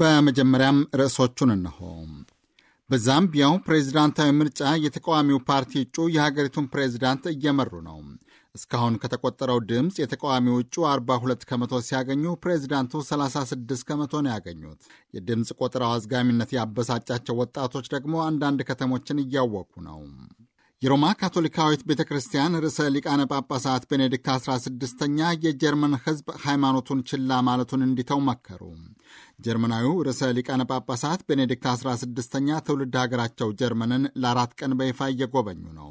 በመጀመሪያም ርዕሶቹን እነሆ። በዛምቢያው ፕሬዝዳንታዊ ምርጫ የተቃዋሚው ፓርቲ እጩ የሀገሪቱን ፕሬዝዳንት እየመሩ ነው። እስካሁን ከተቆጠረው ድምፅ የተቃዋሚው እጩ 42 ከመቶ ሲያገኙ ፕሬዝዳንቱ 36 ከመቶ ነው ያገኙት። የድምፅ ቆጠራው አዝጋሚነት ያበሳጫቸው ወጣቶች ደግሞ አንዳንድ ከተሞችን እያወቁ ነው። የሮማ ካቶሊካዊት ቤተ ክርስቲያን ርዕሰ ሊቃነ ጳጳሳት ቤኔዲክት 16ኛ የጀርመን ሕዝብ ሃይማኖቱን ችላ ማለቱን እንዲተው መከሩ። ጀርመናዊው ርዕሰ ሊቃነ ጳጳሳት ቤኔዲክት 16ኛ ትውልድ ሀገራቸው ጀርመንን ለአራት ቀን በይፋ እየጎበኙ ነው።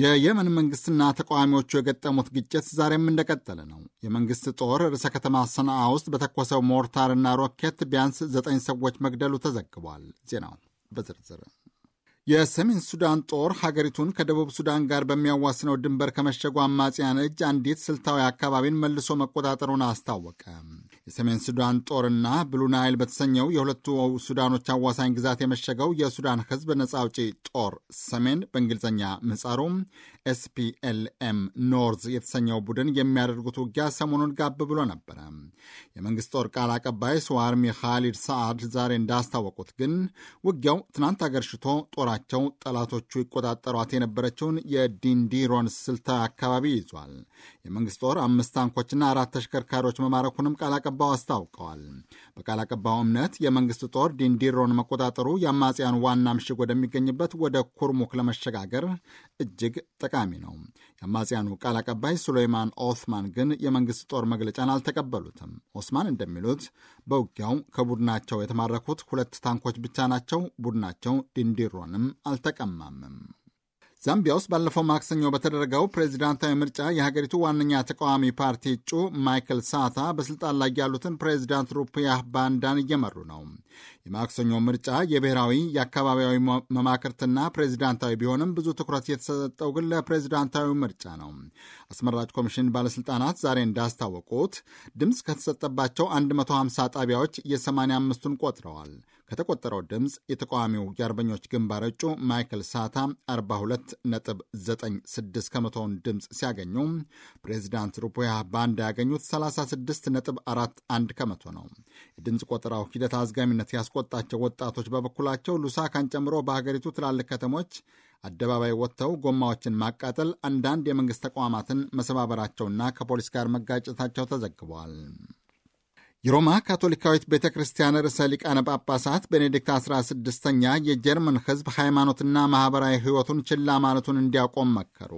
የየመን መንግሥትና ተቃዋሚዎቹ የገጠሙት ግጭት ዛሬም እንደቀጠለ ነው። የመንግሥት ጦር ርዕሰ ከተማ ሰነአ ውስጥ በተኮሰው ሞርታርና ሮኬት ቢያንስ ዘጠኝ ሰዎች መግደሉ ተዘግቧል። ዜናው በዝርዝር የሰሜን ሱዳን ጦር ሀገሪቱን ከደቡብ ሱዳን ጋር በሚያዋስነው ድንበር ከመሸጉ አማጽያን እጅ አንዲት ስልታዊ አካባቢን መልሶ መቆጣጠሩን አስታወቀ። የሰሜን ሱዳን ጦርና ብሉናይል በተሰኘው የሁለቱ ሱዳኖች አዋሳኝ ግዛት የመሸገው የሱዳን ህዝብ ነጻ አውጪ ጦር ሰሜን በእንግሊዝኛ ምጻሩ ኤስፒኤልኤም ኖርዝ የተሰኘው ቡድን የሚያደርጉት ውጊያ ሰሞኑን ጋብ ብሎ ነበረ። የመንግሥት ጦር ቃል አቀባይ ስዋርሚ ካሊድ ሰዓድ ዛሬ እንዳስታወቁት ግን ውጊያው ትናንት አገርሽቶ ጦራቸው ጠላቶቹ ይቆጣጠሯት የነበረችውን የዲንዲሮን ስልታዊ አካባቢ ይዟል። የመንግሥት ጦር አምስት ታንኮችና አራት ተሽከርካሪዎች መማረኩንም ቃል አቀባይ አቀባው አስታውቀዋል። በቃል አቀባው እምነት የመንግስት ጦር ዲንዲሮን መቆጣጠሩ የአማጽያኑ ዋና ምሽግ ወደሚገኝበት ወደ ኩርሙክ ለመሸጋገር እጅግ ጠቃሚ ነው። የአማጽያኑ ቃል አቀባይ ሱሌይማን ኦስማን ግን የመንግስት ጦር መግለጫን አልተቀበሉትም። ኦስማን እንደሚሉት በውጊያው ከቡድናቸው የተማረኩት ሁለት ታንኮች ብቻ ናቸው። ቡድናቸው ዲንዲሮንም አልተቀማምም። ዛምቢያ ውስጥ ባለፈው ማክሰኞ በተደረገው ፕሬዚዳንታዊ ምርጫ የሀገሪቱ ዋነኛ ተቃዋሚ ፓርቲ እጩ ማይክል ሳታ በስልጣን ላይ ያሉትን ፕሬዚዳንት ሩፕያህ ባንዳን እየመሩ ነው። የማክሰኞ ምርጫ የብሔራዊ የአካባቢያዊ መማክርትና ፕሬዚዳንታዊ ቢሆንም ብዙ ትኩረት የተሰጠው ግን ለፕሬዚዳንታዊ ምርጫ ነው። አስመራጭ ኮሚሽን ባለስልጣናት ዛሬ እንዳስታወቁት ድምፅ ከተሰጠባቸው 150 ጣቢያዎች የ85ቱን ቆጥረዋል። ከተቆጠረው ድምፅ የተቃዋሚው የአርበኞች ግንባር እጩ ማይክል ሳታ 42 ነጥብ ስድስት ከመቶውን ድምፅ ሲያገኙ ፕሬዚዳንት ሩፖያ ባንዳ ያገኙት ነጥብ አንድ ከመቶ ነው። የድምፅ ቆጠራው ሂደት አዝጋሚነት ያስቆጣቸው ወጣቶች በበኩላቸው ሉሳካን ጨምሮ በሀገሪቱ ትላልቅ ከተሞች አደባባይ ወጥተው ጎማዎችን ማቃጠል፣ አንዳንድ የመንግሥት ተቋማትን መሰባበራቸውና ከፖሊስ ጋር መጋጨታቸው ተዘግበዋል። የሮማ ካቶሊካዊት ቤተ ክርስቲያን ርዕሰ ሊቃነ ጳጳሳት ቤኔዲክት 16ኛ የጀርመን ሕዝብ ሃይማኖትና ማኅበራዊ ሕይወቱን ችላ ማለቱን እንዲያቆም መከሩ።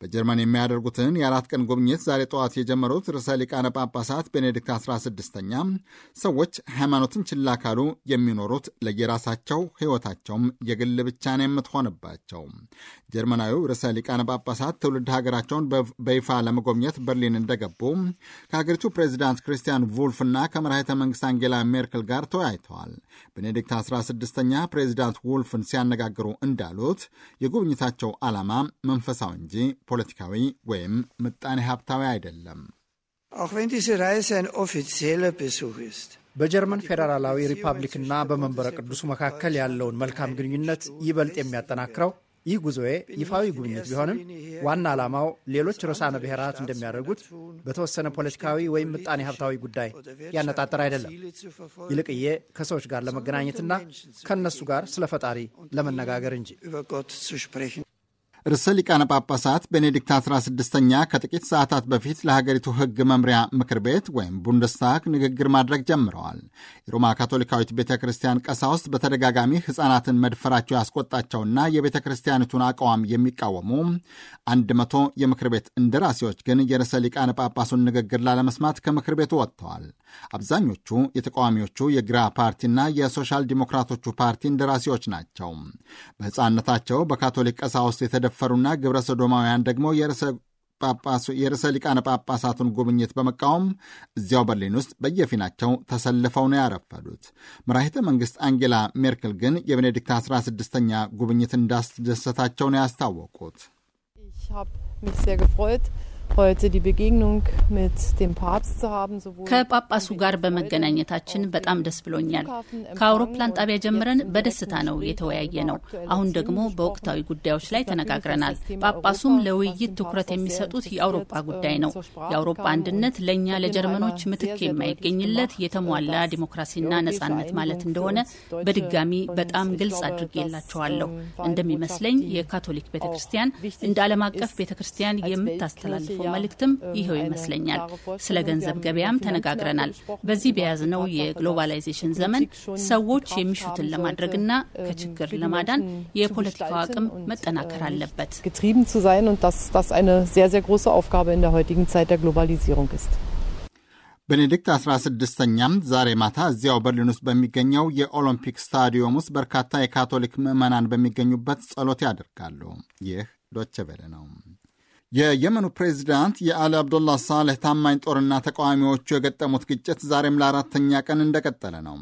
በጀርመን የሚያደርጉትን የአራት ቀን ጉብኝት ዛሬ ጠዋት የጀመሩት ርዕሰ ሊቃነ ጳጳሳት ቤኔዲክት 16ኛ ሰዎች ሃይማኖትን ችላ ካሉ የሚኖሩት ለየራሳቸው ሕይወታቸውም የግል ብቻ ነው የምትሆንባቸው። ጀርመናዊው ርዕሰ ሊቃነ ጳጳሳት ትውልድ ሀገራቸውን በይፋ ለመጎብኘት በርሊን እንደገቡ ከሀገሪቱ ፕሬዚዳንት ክርስቲያን ቮል ውልፍና ከመራሄተ መንግስት አንጌላ ሜርክል ጋር ተወያይተዋል። ቤኔዲክት 16ኛ ፕሬዚዳንት ውልፍን ሲያነጋግሩ እንዳሉት የጉብኝታቸው ዓላማ መንፈሳዊ እንጂ ፖለቲካዊ ወይም ምጣኔ ሀብታዊ አይደለም። በጀርመን ፌዴራላዊ ሪፐብሊክና በመንበረ ቅዱሱ መካከል ያለውን መልካም ግንኙነት ይበልጥ የሚያጠናክረው ይህ ጉዞዬ ይፋዊ ጉብኝት ቢሆንም ዋና ዓላማው ሌሎች ርዕሳነ ብሔራት እንደሚያደርጉት በተወሰነ ፖለቲካዊ ወይም ምጣኔ ሀብታዊ ጉዳይ ያነጣጠር አይደለም። ይልቅዬ ከሰዎች ጋር ለመገናኘትና ከእነሱ ጋር ስለ ፈጣሪ ለመነጋገር እንጂ ርዕሰ ሊቃነ ጳጳሳት ቤኔዲክት 16ኛ ከጥቂት ሰዓታት በፊት ለሀገሪቱ ሕግ መምሪያ ምክር ቤት ወይም ቡንደስታግ ንግግር ማድረግ ጀምረዋል። የሮማ ካቶሊካዊት ቤተ ክርስቲያን ቀሳውስት በተደጋጋሚ ሕፃናትን መድፈራቸው ያስቆጣቸውና የቤተ ክርስቲያኒቱን አቋም የሚቃወሙ 100 የምክር ቤት እንደራሴዎች ግን የርዕሰ ሊቃነ ጳጳሱን ንግግር ላለመስማት ከምክር ቤቱ ወጥተዋል። አብዛኞቹ የተቃዋሚዎቹ የግራ ፓርቲና የሶሻል ዲሞክራቶቹ ፓርቲ እንደራሴዎች ናቸው። በሕፃንነታቸው በካቶሊክ ቀሳውስት የተደ የሰፈሩና ግብረ ሰዶማውያን ደግሞ የርዕሰ ሊቃነ ጳጳሳቱን ጉብኝት በመቃወም እዚያው በርሊን ውስጥ በየፊናቸው ተሰልፈው ነው ያረፈዱት። መራሂተ መንግሥት አንጌላ ሜርክል ግን የቤኔዲክት 16ኛ ጉብኝት እንዳስደሰታቸው ነው ያስታወቁት። ከጳጳሱ ጋር በመገናኘታችን በጣም ደስ ብሎኛል። ከአውሮፕላን ጣቢያ ጀምረን በደስታ ነው የተወያየ ነው። አሁን ደግሞ በወቅታዊ ጉዳዮች ላይ ተነጋግረናል። ጳጳሱም ለውይይት ትኩረት የሚሰጡት የአውሮፓ ጉዳይ ähm, ነው። የአውሮፓ አንድነት ለእኛ ለጀርመኖች ምትክ የማይገኝለት የተሟላ ዲሞክራሲና ነጻነት ማለት እንደሆነ በድጋሚ በጣም ግልጽ አድርጌላቸዋለሁ። ähm, እንደሚመስለኝ የካቶሊክ ቤተ ክርስቲያን እንደ ዓለም አቀፍ ቤተ ክርስቲያን የምታስተላልፍ የማስተላልፈው መልእክትም ይኸው ይመስለኛል። ስለ ገንዘብ ገበያም ተነጋግረናል። በዚህ በያዝነው የግሎባላይዜሽን ዘመን ሰዎች የሚሹትን ለማድረግና ከችግር ለማዳን የፖለቲካው አቅም መጠናከር አለበት። ቤኔዲክት 16ኛም ዛሬ ማታ እዚያው በርሊን ውስጥ በሚገኘው የኦሎምፒክ ስታዲየም ውስጥ በርካታ የካቶሊክ ምዕመናን በሚገኙበት ጸሎት ያደርጋሉ። ይህ ዶቸ ነው። የየመኑ ፕሬዚዳንት የአሊ አብዶላ ሳሌህ ታማኝ ጦርና ተቃዋሚዎቹ የገጠሙት ግጭት ዛሬም ለአራተኛ ቀን እንደቀጠለ ነው።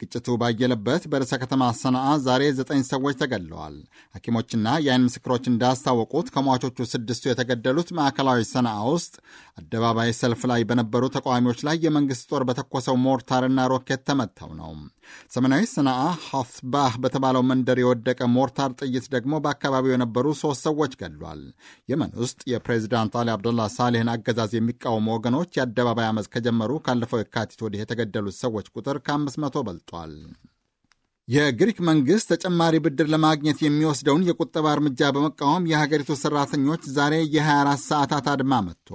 ግጭቱ ባየለበት በርዕሰ ከተማ ሰነአ ዛሬ ዘጠኝ ሰዎች ተገድለዋል። ሐኪሞችና የአይን ምስክሮች እንዳስታወቁት ከሟቾቹ ስድስቱ የተገደሉት ማዕከላዊ ሰነአ ውስጥ አደባባይ ሰልፍ ላይ በነበሩ ተቃዋሚዎች ላይ የመንግሥት ጦር በተኮሰው ሞርታርና ሮኬት ተመተው ነው። ሰሜናዊ ሰነአ ሀፍባህ በተባለው መንደር የወደቀ ሞርታር ጥይት ደግሞ በአካባቢው የነበሩ ሦስት ሰዎች ገድሏል። የመን ውስጥ የፕሬዚዳንት አሊ አብዶላ ሳሌህን አገዛዝ የሚቃወሙ ወገኖች የአደባባይ አመፅ ከጀመሩ ካለፈው የካቲት ወዲህ የተገደሉት ሰዎች ቁጥር ከ500 በልጧል። የግሪክ መንግሥት ተጨማሪ ብድር ለማግኘት የሚወስደውን የቁጠባ እርምጃ በመቃወም የሀገሪቱ ሠራተኞች ዛሬ የ24 ሰዓታት አድማ መጥቶ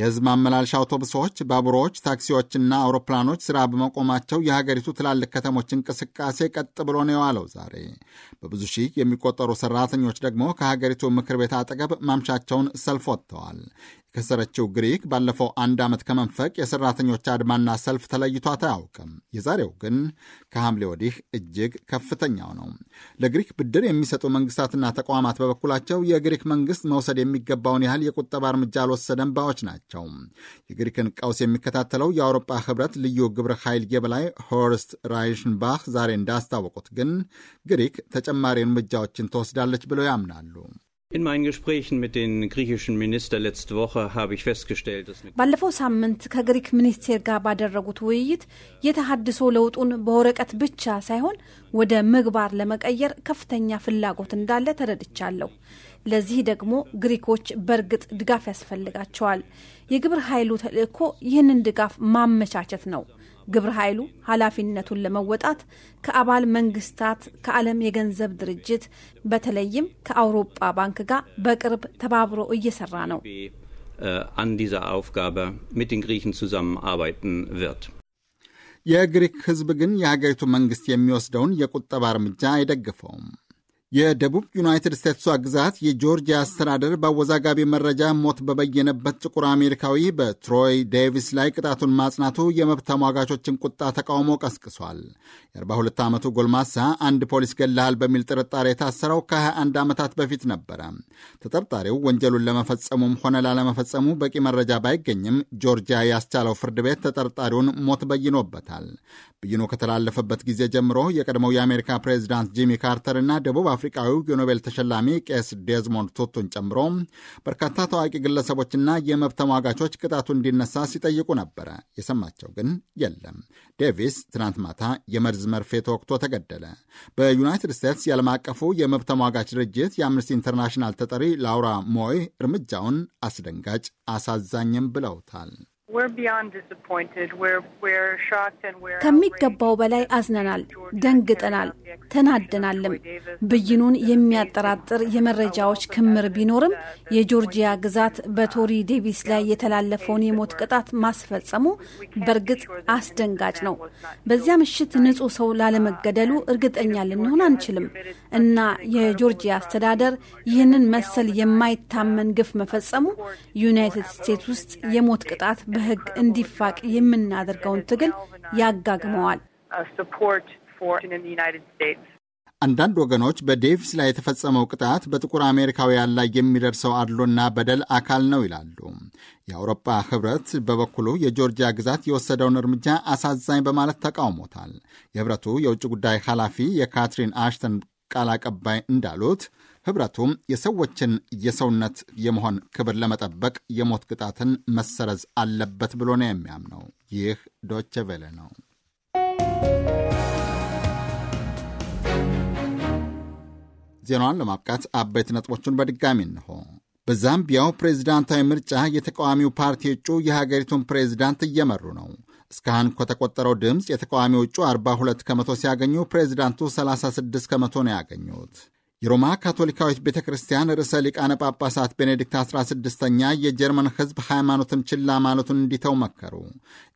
የህዝብ ማመላለሻ አውቶቡሶች፣ ባቡሮች፣ ታክሲዎችና አውሮፕላኖች ስራ በመቆማቸው የሀገሪቱ ትላልቅ ከተሞች እንቅስቃሴ ቀጥ ብሎ ነው የዋለው። ዛሬ በብዙ ሺህ የሚቆጠሩ ሰራተኞች ደግሞ ከሀገሪቱ ምክር ቤት አጠገብ ማምሻቸውን ሰልፍ ወጥተዋል። የከሰረችው ግሪክ ባለፈው አንድ ዓመት ከመንፈቅ የሰራተኞች አድማና ሰልፍ ተለይቷት አያውቅም። የዛሬው ግን ከሐምሌ ወዲህ እጅግ ከፍተኛው ነው። ለግሪክ ብድር የሚሰጡ መንግስታትና ተቋማት በበኩላቸው የግሪክ መንግስት መውሰድ የሚገባውን ያህል የቁጠባ እርምጃ አልወሰደም ባዮች ናቸው። የግሪክን ቀውስ የሚከታተለው የአውሮፓ ህብረት ልዩ ግብረ ኃይል የበላይ ሆርስት ራይሽንባህ ዛሬ እንዳስታወቁት ግን ግሪክ ተጨማሪ እርምጃዎችን ትወስዳለች ብለው ያምናሉ። ባለፈው ሳምንት ከግሪክ ሚኒስቴር ጋር ባደረጉት ውይይት የተሃድሶ ለውጡን በወረቀት ብቻ ሳይሆን ወደ ምግባር ለመቀየር ከፍተኛ ፍላጎት እንዳለ ተረድቻለሁ። ለዚህ ደግሞ ግሪኮች በእርግጥ ድጋፍ ያስፈልጋቸዋል። የግብረ ኃይሉ ተልእኮ ይህንን ድጋፍ ማመቻቸት ነው። ግብረ ኃይሉ ኃላፊነቱን ለመወጣት ከአባል መንግስታት፣ ከዓለም የገንዘብ ድርጅት በተለይም ከአውሮፓ ባንክ ጋር በቅርብ ተባብሮ እየሰራ ነው። an dieser Aufgabe mit den Griechen zusammenarbeiten wird. የግሪክ ህዝብ ግን የሀገሪቱ መንግስት የሚወስደውን የቁጠባ እርምጃ አይደግፈውም። የደቡብ ዩናይትድ ስቴትሷ ግዛት የጆርጂያ አስተዳደር በአወዛጋቢ መረጃ ሞት በበየነበት ጥቁር አሜሪካዊ በትሮይ ዴቪስ ላይ ቅጣቱን ማጽናቱ የመብት ተሟጋቾችን ቁጣ ተቃውሞ ቀስቅሷል። የ42 ዓመቱ ጎልማሳ አንድ ፖሊስ ገላሃል በሚል ጥርጣሬ የታሰረው ከ21 ዓመታት በፊት ነበረ። ተጠርጣሪው ወንጀሉን ለመፈጸሙም ሆነ ላለመፈጸሙ በቂ መረጃ ባይገኝም ጆርጂያ ያስቻለው ፍርድ ቤት ተጠርጣሪውን ሞት በይኖበታል። ብይኑ ከተላለፈበት ጊዜ ጀምሮ የቀድሞው የአሜሪካ ፕሬዚዳንት ጂሚ ካርተር እና ደቡብ አፍሪቃዊው የኖቤል ተሸላሚ ቄስ ዴዝሞንድ ቱቱን ጨምሮ በርካታ ታዋቂ ግለሰቦችና የመብት ተሟጋቾች ቅጣቱ እንዲነሳ ሲጠይቁ ነበረ። የሰማቸው ግን የለም። ዴቪስ ትናንት ማታ የመርዝ መርፌ ተወቅቶ ተገደለ። በዩናይትድ ስቴትስ የዓለም አቀፉ የመብት ተሟጋች ድርጅት የአምነስቲ ኢንተርናሽናል ተጠሪ ላውራ ሞይ እርምጃውን አስደንጋጭ አሳዛኝም ብለውታል። ከሚገባው በላይ አዝነናል፣ ደንግጠናል፣ ተናደናልም። ብይኑን የሚያጠራጥር የመረጃዎች ክምር ቢኖርም የጆርጂያ ግዛት በቶሪ ዴቪስ ላይ የተላለፈውን የሞት ቅጣት ማስፈጸሙ በእርግጥ አስደንጋጭ ነው። በዚያ ምሽት ንጹህ ሰው ላለመገደሉ uh, እርግጠኛ ልንሆን አንችልም እና የጆርጂያ አስተዳደር ይህንን መሰል የማይታመን ግፍ መፈጸሙ ዩናይትድ ስቴትስ ውስጥ የሞት ቅጣት በ ህግ እንዲፋቅ የምናደርገውን ትግል ያጋግመዋል። አንዳንድ ወገኖች በዴቪስ ላይ የተፈጸመው ቅጣት በጥቁር አሜሪካውያን ላይ የሚደርሰው አድሎና በደል አካል ነው ይላሉ። የአውሮፓ ህብረት በበኩሉ የጆርጂያ ግዛት የወሰደውን እርምጃ አሳዛኝ በማለት ተቃውሞታል። የህብረቱ የውጭ ጉዳይ ኃላፊ የካትሪን አሽተን ቃል አቀባይ እንዳሉት ህብረቱም የሰዎችን የሰውነት የመሆን ክብር ለመጠበቅ የሞት ቅጣትን መሰረዝ አለበት ብሎ ነው የሚያምነው። ይህ ዶቼ ቬለ ነው። ዜናዋን ለማብቃት አበይት ነጥቦቹን በድጋሚ እንሆ። በዛምቢያው ፕሬዚዳንታዊ ምርጫ የተቃዋሚው ፓርቲ እጩ የሀገሪቱን ፕሬዝዳንት እየመሩ ነው። እስካሁን ከተቆጠረው ድምፅ የተቃዋሚው እጩ 42 ከመቶ ሲያገኙ ፕሬዚዳንቱ 36 ከመቶ ነው ያገኙት። የሮማ ካቶሊካዊት ቤተ ክርስቲያን ርዕሰ ሊቃነ ጳጳሳት ቤኔዲክት 16ኛ የጀርመን ሕዝብ ሃይማኖትን ችላ ማለቱን እንዲተው መከሩ።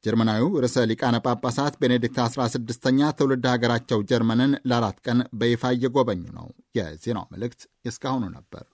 ጀርመናዊው ርዕሰ ሊቃነ ጳጳሳት ቤኔዲክት 16ኛ ትውልድ ሀገራቸው ጀርመንን ለአራት ቀን በይፋ እየጎበኙ ነው። የዜናው መልእክት እስካሁኑ ነበር።